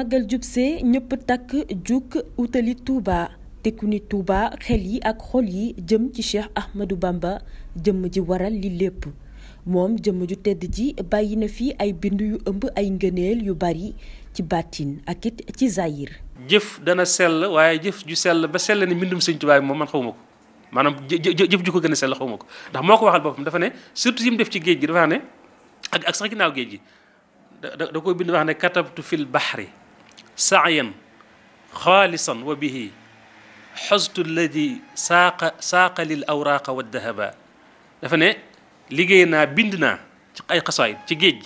màggal jubsee ñëpp takk jukk wutali Touba te ku ni Touba xel yi ak xol yi jëm ci Cheikh Ahmadou Bamba jëmm ji waral li lépp moom jëmm ju tedd ji bàyyi na fi ay bind yu ëmb ay ngëneel yu bari ci bàttin ak it ci zayir jëf dana sell waaye jëf ju sell ba sell ni mbindum sëñ Touba moom man xawma ko maanaam jëf ju ko gën a sell xawma ko ndax moo ko waxal boppam dafa ne surtout yi mu def ci géej gi dafa ne ak ak sax ginaaw géej gi da da koy bind wax ne fil baxri سعيا خالصا وبه حزت الذي ساق ساق للاوراق والذهب دافني لغينا بندنا اي قصايد تي جيج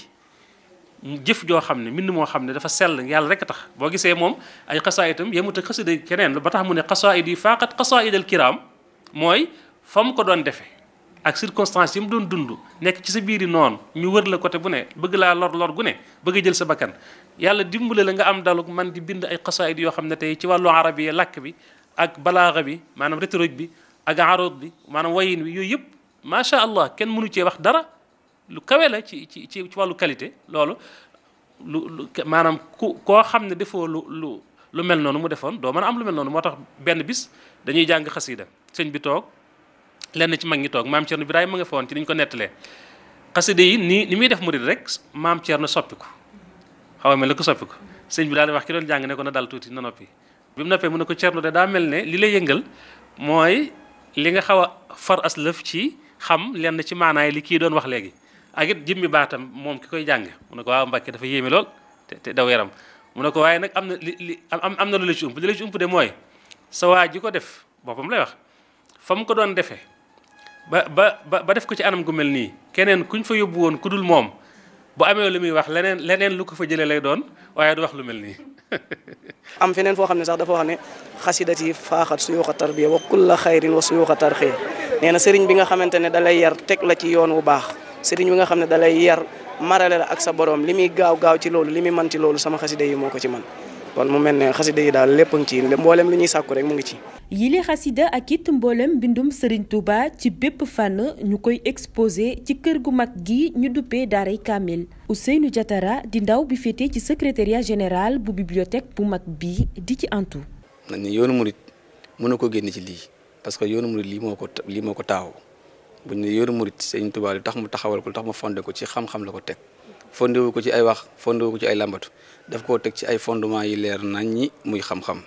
جيف جو خامني من مو خامني دا فا سيل يال رك تخ بو غيسه موم اي قصايدتم يموت قصيده كنين لو باتخ موني قصائدي فاقت قصائد الكرام موي فم كو دون ديفي ak circonstance yi mu doon dund nekk ci sa biir yi noon ñu wër la côté bu ne bëgg laa lor lor gu ne bëgg jël sa bakkan yàlla dimbale la nga am daluk man di bind ay xasaayid yoo xam ne tey ci wàllu arabiya làkk bi ak balaaxa bi maanaam rhétorique bi ak arood bi maanaam wayin bi yooyu yëpp macha allah kenn mënu cee wax dara lu kawe la ci ci ci wàllu qualité loolu lu maanaam ku koo xam ne defoo lu lu mel noonu mu defoon doo mën a am lu mel noonu moo tax benn bis dañuy jàng xasida sëñ bi lenn ci mag ñi toog maam Thierno Birahim ma nga fa woon ci niñ ko nettalee xasida yi nii ni muy def murid rek maam Thierno soppiku xaw a mel ne ko soppiku sëñ bi daal wax ki doon jàng ne na dal tuuti na noppi bi mu noppee mu ko Thierno de ne li lay yëngal mooy li nga xaw a far ci xam lenn ci maanaay li kii doon wax léegi ak it baatam moom ki koy jàng mu ne ko waaw Mbàkke dafa yéeme lool te te daw yaram mu ne ko waaye nag am na li li am am na lu la ci ump de mooy sa waa ji ko def boppam lay wax fa mu ko doon defee ba ba ba def ko ci anam ku mel nii keneen kuñ fa yóbbu woon ku dul moom boo amee lu muy wax leneen leneen lu ko fa jëlee lay doon waaye du wax lu mel nii. am feneen foo xam ne sax dafa wax ne xasidati faaxat suyuuxa tarbiya wa kulla xayrin wa suyuuxa tarxe nee na sëriñ bi nga xamante ne da lay yar teg la ci yoon wu baax sëriñ bi nga xam ne da lay yar marale la ak sa borom li muy gaaw gaaw ci loolu li muy man ci loolu sama xasida yi moo ko ci man kon mu mel ne yi daal lepp ngi ci mboolem li ñuy sakku rek mu ngi ci. yile xasida ak it mboolem bindum Serigne Touba ci bépp fànn ñukoy exposer ci kër gu mag gi ñu duppee daaray Kamil Ousseynou Diatara di ndaw bi fété ci secrétariat général bu bibliothèque bu mag bi di ci antu. nañ ne yoonu murit mën na ko génn ci li parce que yoonu mourid li moko li lii taw ko taaw bu ñu yoonu murit Serigne Touba li tax mu taxawal ko tax mu fondé ko ci xam-xam la ko tek fondé wu ko ci ay wax fondé wu ci ay lambatu def koo teg ci ay fondement yi leer nañ ñi muy xam-xam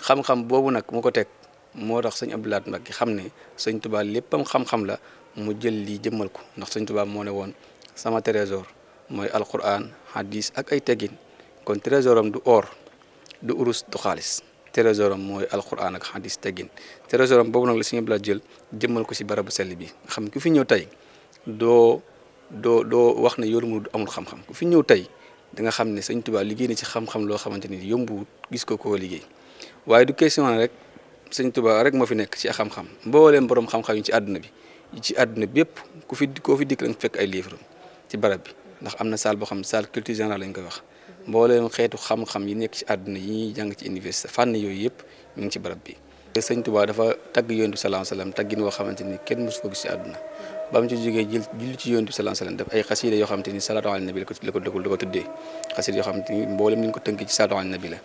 xam-xam boobu nag mu ko teg moo tax sëñ Abdou Lahad Mbacké xam ne sëñ Tuubaa léppam xam-xam la mu jël lii jëmmal ko ndax sëñ Tuubaa moo ne woon sama trésor mooy alquran hadis ak ay teggin kon trésoram du or du urus xaalis trésoram mooy alquran ak hadis teggin trésoram boobu nag la sëñ Abdou jël jëmmal ko si barabu selli bi xam ku fi ñëw tey doo doo doo wax ne yoonu murid amul xam-xam ku fi ñëw tey danga xam ne sëñ Tuubaa liggéey na ci xam-xam loo xamante ni yombu gis ko ko liggéey waaye du question rek sëñ Tuubaa rek moo fi nekk ci xam-xam borom xam-xam ci àdduna bi ci àdduna bi yëpp ku fi koo fi dikk da nga ay livre ci barab bi ndax am na salle boo xam ne salle culture lañ koy wax mbooleem xeetu xam-xam yi nekk ci àdduna yi ñuy jàng ci université fànn yooyu yëpp ñu ngi ci barab bi sëñ Tuubaa dafa tagg yonent bi salaam salaam taggin woo xamante ni kenn mosu ko gis ci àdduna bam ci jógee jël ci yonent sallallahu alayhi wasallam def ay xasida yo xamanteni te ni ala nabi la ko la ko la ko tuddee xasida yoo xam te ni ko teunk ci salaatu ala nabi la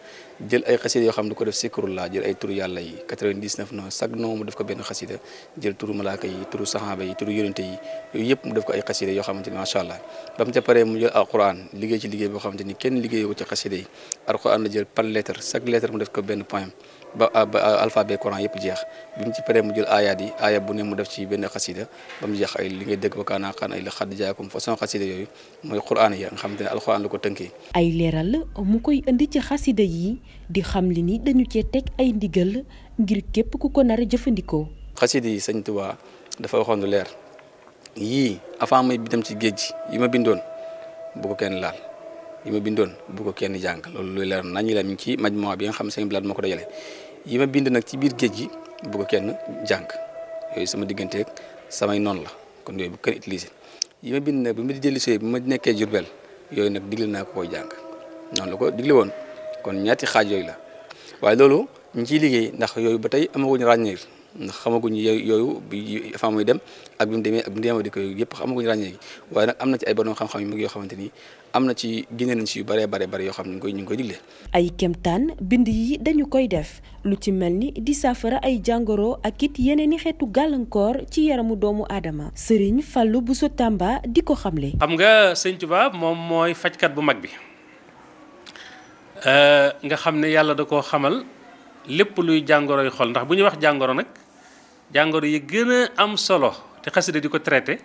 jël ay xasida yo xamne ko def sikrullah jël ay turu yàlla yi 99 no sak no mu def ko ben xasida jël turu malaaka yi turu sahaba yi turu yoonte yi yoy yep mu def ko ay xasida yo xamanteni ma sha allah bam mu pare mu jël alquran liggéey ci liggéey bo xamanteni ni kenn liggéey ko ci xasida yi alquran la jël par lettre sak lettre mu def ko ben poème ba ah, ah, alphabet coran yëpp jeex bi mu ci paree mu jël aayaat yi aaya bu ne mu def ci benn xasida ba mu jeex ay li ngay dégg ba kaanaa xaan ay la xadd jaakum façon xasida yooyu mooy quraan yi nga xam te ne alxuraan la ko tënkee. ay leeral mu koy indi ci xasida yi di xam li ni dañu cee teg ay ndigal ngir képp ku ko nar jëfandikoo. xasida yi sëñ Tuubaa dafa waxoon lu leer yii avant may dem ci géej gi yi ma bindoon bu ko kenn laal. yi ma bindoon bu ko kenn jàng loolu luy leer nañu la mi ngi ci majmua bi nga xam sëñ Blaat moo ko dajale yi ma bind nag ci biir géej gi bu ko kenn jàng yooyu sama digganteeg samay noon la kon yooyu bu kenn utiliser yi ma bind nag bi ma di dellu bi ma nekkee Jurbel yooyu nag digle naa ko koy jàng noonu la ko digle woon kon ñaati xaaj yooyu la waaye loolu ñu ciy liggéey ndax yooyu ba tey amaguñu ràññeeku ndax xamaguñ yooyu bi fa muy dem ak bi mu ak bi mu demee di ko yëpp xamaguñ ràññee gi waaye nag am na ci ay borom xam-xam yu mag yoo xamante ci génne nañ ci yu bare bare bare yoo xam ñu koy ñu koy digle ay kemtaan bind yi dañu koy def lu ci mel di saafara ay jàngoro ak it yeneen i xeetu ci yaramu doomu aadama sëriñ Fallou Bousso Tamba di ko xamle xam nga sëñ Tuubaa moom mooy fajkat bu mag bi euh, nga xam ne da koo xamal lépp luy jàngoro yu xol ndax bu ñuy wax jàngoro nag jàngoro yi gën a am solo te xasida di ko traité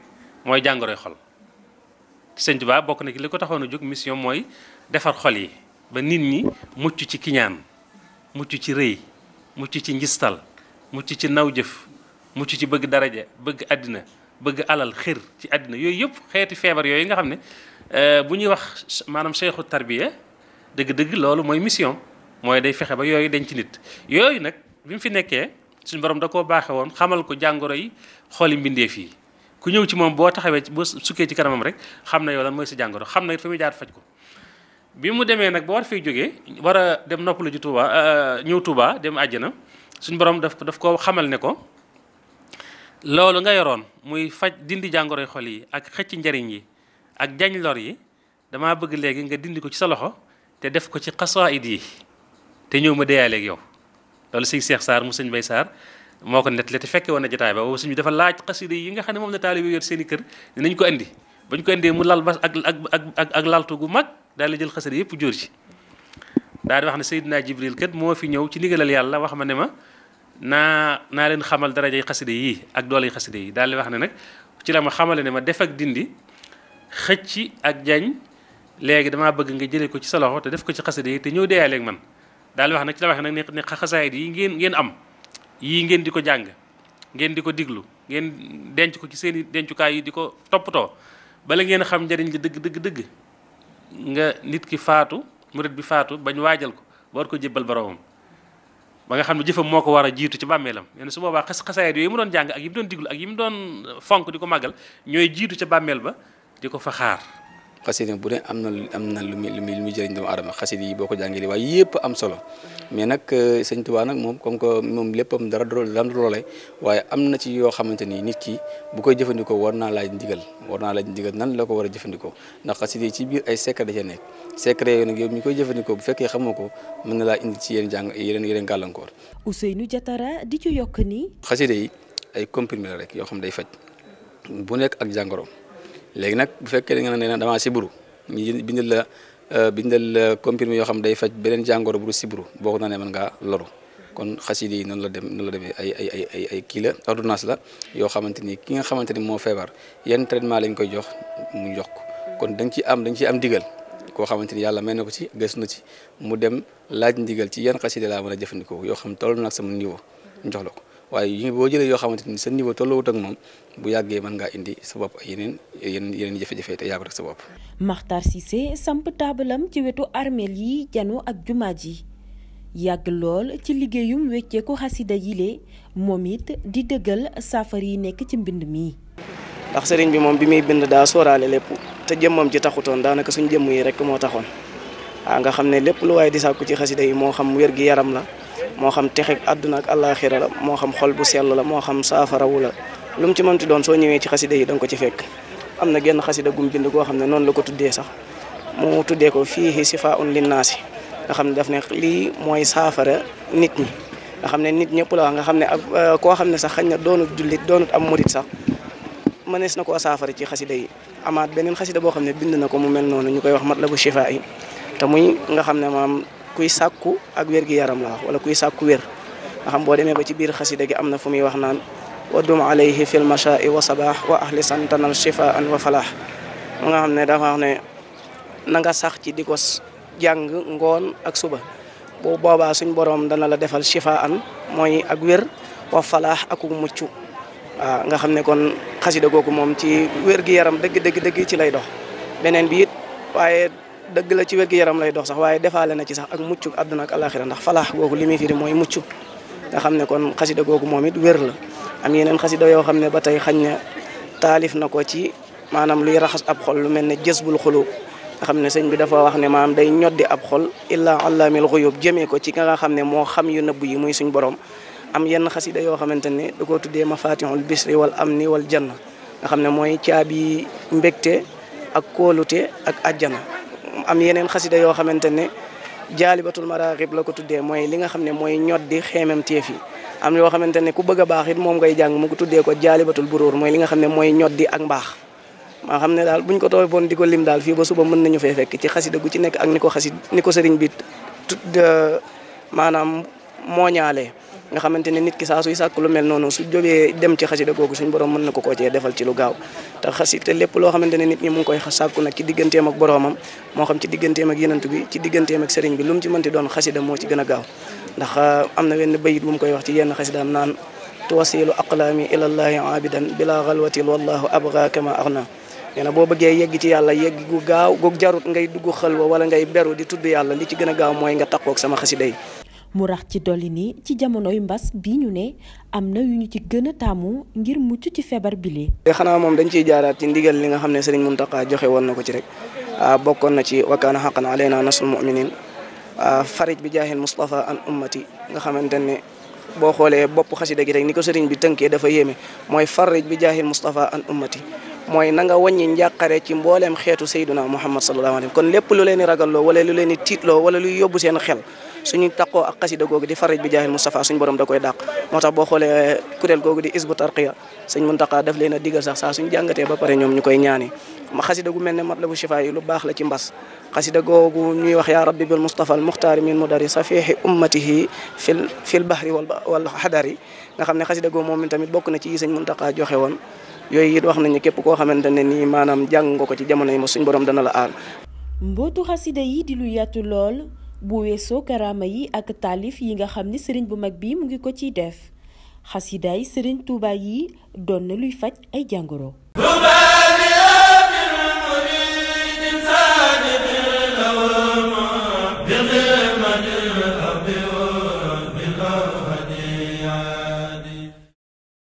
mooy jàngoro yu xol sëñ Tuubaa bokk na li ko taxoon a jóg mission mooy defar xol yi ba nit ñi mucc ci kiñaan mucc ci rëy mucc ci njistal mucc ci naw jëf mucc ci bëgg daraja bëgg àddina bëgg alal xir ci àddina yooyu yëpp xeeti feebar yooyu nga xam ne euh, bu ñuy wax maanaam seexu tarbiya dëgg-dëgg loolu mooy mission mooy day fexe ba yooyu ci nit yooyu nag bi mu fi nekkee suñ borom da koo baaxe woon xamal ko jàngoro yi xooli mbindeef yi ku ñëw ci moom boo taxawee boo sukkee ci kanamam rek xam na yow lan mooy sa jàngoro xam na it fa muy ko bi mu demee nag ba war fiy war a dem noppalu ji Touba euh, ñëw Touba dem àjjana suñu borom daf daf koo xamal ne ko loolu nga yoroon muy faj dindi jàngoroy xol ak xëcc njariñ yi ak jañ lor yi damaa bëgg léegi nga dindi ko ci sa loxo te def ko ci xasaayid yi te ñëw ma déyalé ak yow loolu sëñ Cheikh sar mu sëñ Bay sar moko net nettali te fekke woon na jotaay ba boobu sëñ bi dafa laaj xasida yi nga xamné mom moom la taalibe yor seen kër dinañ ko andi bañ ko andé mu lal bas ak ak ak ak laltu gu mag dal la jël xasida yëpp jor ci dal di wax ne sayyidina Jibril kat mo fi ñëw ci ndigalal yàlla wax ma ne ma na na leen xamal dara jey xasida yi ak doolay xasida yi dal di wax ne nak ci la ma xamale ne ma def ak dindi xëcc ak jañ légui dama bëgg nga jëlé ko ci sa loxo te def ko ci xasida yi te ñëw déyalé ak man daal di wax nag ci la waxee nag ne xasaayit yi ngeen ngeen am yii ngeen di ko jàng ngeen di ko diglu ngeen denc ko ci seen i dencukaay yi di ko toppatoo bala ngeen a xam njëriñ li dëgg dëgg nga nit ki faatu murit bi faatu bañ waajal ko war ko jébbal boromam ba nga xam ne jëfam moo ko war a jiitu ci bàmmeelam nee na su boobaa xas xasaayit yooyu ma doon jàng ak yi mu doon diglu ak yi mu doon fonk di ko màggal ñooy jiitu ca bàmmeel ba di ko fa xaar xasida bu ne am na am na lu muy lu muy jëriñ doomu aadama xasida yi boo ko jàngee waaye yëpp am solo mais nag euh, sëñ Tuubaa nag moom comme que moom léppam dara dara dara loolee waaye am na ci yoo xamante ni nit ki bu koy jëfandikoo war naa laaj ndigal war naa laaj ndigal nan la ko war a jëfandikoo ndax xasida yi ci biir ay secret da ca nekk secret yooyu nag koy jëfandikoo bu fekkee xamoo ko mën na laa indi ci yeneen jàng yeneen yeneen gàllankoor. Ousseynou Diatara di ci yokk ni xasida yi ay comprimé la rek yoo xam day faj bu nekk ak jàngoro léegi nag bu fekkee nga ne damaa siburu ñu bindal la euh, bindal la yoo xam day faj beneen jàngoro bu siburu boo ko naanee mën ngaa loru kon xasida yi noonu la dem noonu la demee ay ay ay kii la ordonnance la yoo xamante ni ki nga xamante ni moo feebar yan traitement lañ koy jox mu jox ko kon da nga ciy am dañ nga ciy am digal koo xamante ni yàlla may na ko ci gëstu na ci mu dem laaj ndigal ci yan xasida laa mën a jëfandikoo yoo xam toll na ak sama niveau ñu jox la ko. waaye boo jëlee yoo xamante ni sa niveau tolloowut ak moom bu yàggee mën ngaa indi sa bopp ak yeneen yeneen yeneen jafe-jafe te yàggut ak sa bopp. Makhtar Cissé samp taabalam ci wetu armeel yi janu ak jumaa ji yàgg lool ci liggéeyum wecceeku xasida yile moom it di dëggal saafara yi nekk ci mbind mi. ndax sëriñ bi moom bi muy bind daa sóoraale lépp te jëmmam ji taxutoon daanaka suñ jëmm yi rek moo taxoon ah nga xam ne lépp lu waaye di sàkku ci xasida yi moo xam wér gi yaram la. moo xam texeg àdduna ak àllaaxira la moo xam xol bu sell la moo xam saafarawu la lu mu ci mënti doon soo ñëwee ci xasida yi da nga ko ci fekk am na genn xasida gum bind xam ne noonu la ko tuddee sax mu tuddee ko fii sifaa'un linnaasi nga xam ne daf ne lii mooy nit ñi nga xam ne nit ñëpp la wax nga xam ne ak euh, koo xam ne sax xañ na doonut jullit doonut am murit sax mënees na koo saafara ci xasida yi amaat beneen xasida boo xam ne bind na ko mu mel noonu ñu koy wax matlabu shifaa yi te muy nga xam ne maam kuy sakku ak wér gi yaram la wax wala kuy sakku wér nga xam boo demee ba ci biir xasida gi am na fu muy wax naan wa dum alayhi fil mashaa'i wa sabah wa ahli santanal shifaan wa falah mu nga xam ne dafa wax ne na nga sax ci di ko jàng ngoon ak suba bu boobaa suñ borom dana la defal shifaan mooy ak wér wa falah ak mucc waaw nga xam kon xasida googu moom ci wér gi yaram dëgg dëgg dëgg ci lay dox beneen bi it waaye dëgg la ci wér yaram lay dox sax waaye defaale na ci sax ak mucc àdduna ak alaxira ndax falaax googu li muy firi mooy mucc nga xam ne kon xasida googu moom it wér la am yeneen xasida yoo xam ne ba tey xañ na taalif na ko ci maanaam luy raxas ab xol lu mel ne jësbul xulub xam ne sëñ bi dafa wax ne maanaam day ñoddi ab xol illaa allaamil xuyub jëmee ko ci ka nga xam ne moo xam yu nëbb yi muy suñ borom am yenn xasida yoo xamante ne da koo tuddee mafatihul bisri wal amni wal janna nga xam ne mooy caabi mbégte ak kóolute ak àjjana am yeneen xasida yoo xamante ne jaalibatul maraaxib la ko tuddee mooy li nga xam ne mooy ñoddi xeemem téef fi am yoo xamante ne ku bëgg a moom ngay jàng mu ko tuddee ko jaalibatul buróor mooy li nga xam ne mooy ñoddi ak mbaax maa xam ne daal buñ ko toogoon di ko lim daal fii ba suba mën nañu fee fekk ci xasida gu ci nekk ak ni ko xasid ni ko sëriñ bi maanaam mooñaale nga xamante ne nit ki saa suy sàkk lu mel noonu su jógee dem ci xasida googu suñ borom mën na ko koo cee defal ci lu gaaw te xasida lépp loo xamante ne nit ñi mu ngi koy sàkku nag ci digganteem ak boromam moo xam ci digganteem ak yenant bi ci digganteem ak sëriñ bi lu mu ci mënti doon xasida moo ci gën a gaaw ndax ah, am na wenn bayit mu koy wax ci yenn xasidaam naan tuwasilu aqlaami ilallahi aabidan bila xalwatil wallahu abga kama arna nee na boo bëggee yegg ci yàlla yegg gu gaaw gu jarut ngay dugg xalwa wala ngay beru di tudd yàlla li ci gën a gaaw mooy nga takkook sama xasida yi mu rax ci doli ni ci yu mbass bi ñu ne am na yu ñu ci gëna tamu ngir muccu ci bi li eh, xana mom dañ ci jaaraat ci ndigal li nga xamne serigne muntaka joxe won nako ci rek ah, bokkon na ci kana haqqan alayna nasul muminin ah, farij bi jahil Mustafa an ummati nga xamantene bo boo bop xasi degi rek niko serigne bi tënkee dafa yéeme moy farij bi jahil Mustafa an ummati moy na nga wàññi njàqare ci mbollem xetu sayyiduna muhammad sallallahu wasallam kon lepp lu leni ragal lo wala lu leni di wala lu yobbu sen xel suñu takko ak qasida gogu di Farid bi jahil mustafa suñu borom da koy dak motax bo boo kurel gogu di isbu tarqiya suñu muntaka daf leena digal sax sa suñu jangate ba pare ñom ñukoy ñaani ma qasida gu melne ne matlabu shifa yi lu bax la ci mbass qasida gogu ñuy wax ya rabbi bil mustafa al mukhtar min mudari safih ummatihi fil fil bahri wal wal hadari nga xamne ne gogu googu tamit bokku na ci suñu muntaka joxe won yoy yi wax nañu kep ko xamantene ni manam jang ci jamono yi mo suñu borom dana la aar mbotu xasida yi di lu yatu lol bu weesoo karaama yi ak taalif yi nga xam ni sëriñ bu mag bi mu ngi ko ciy def xasidaay sëriñ Tuuba yi doon na luy faj ay jàngoro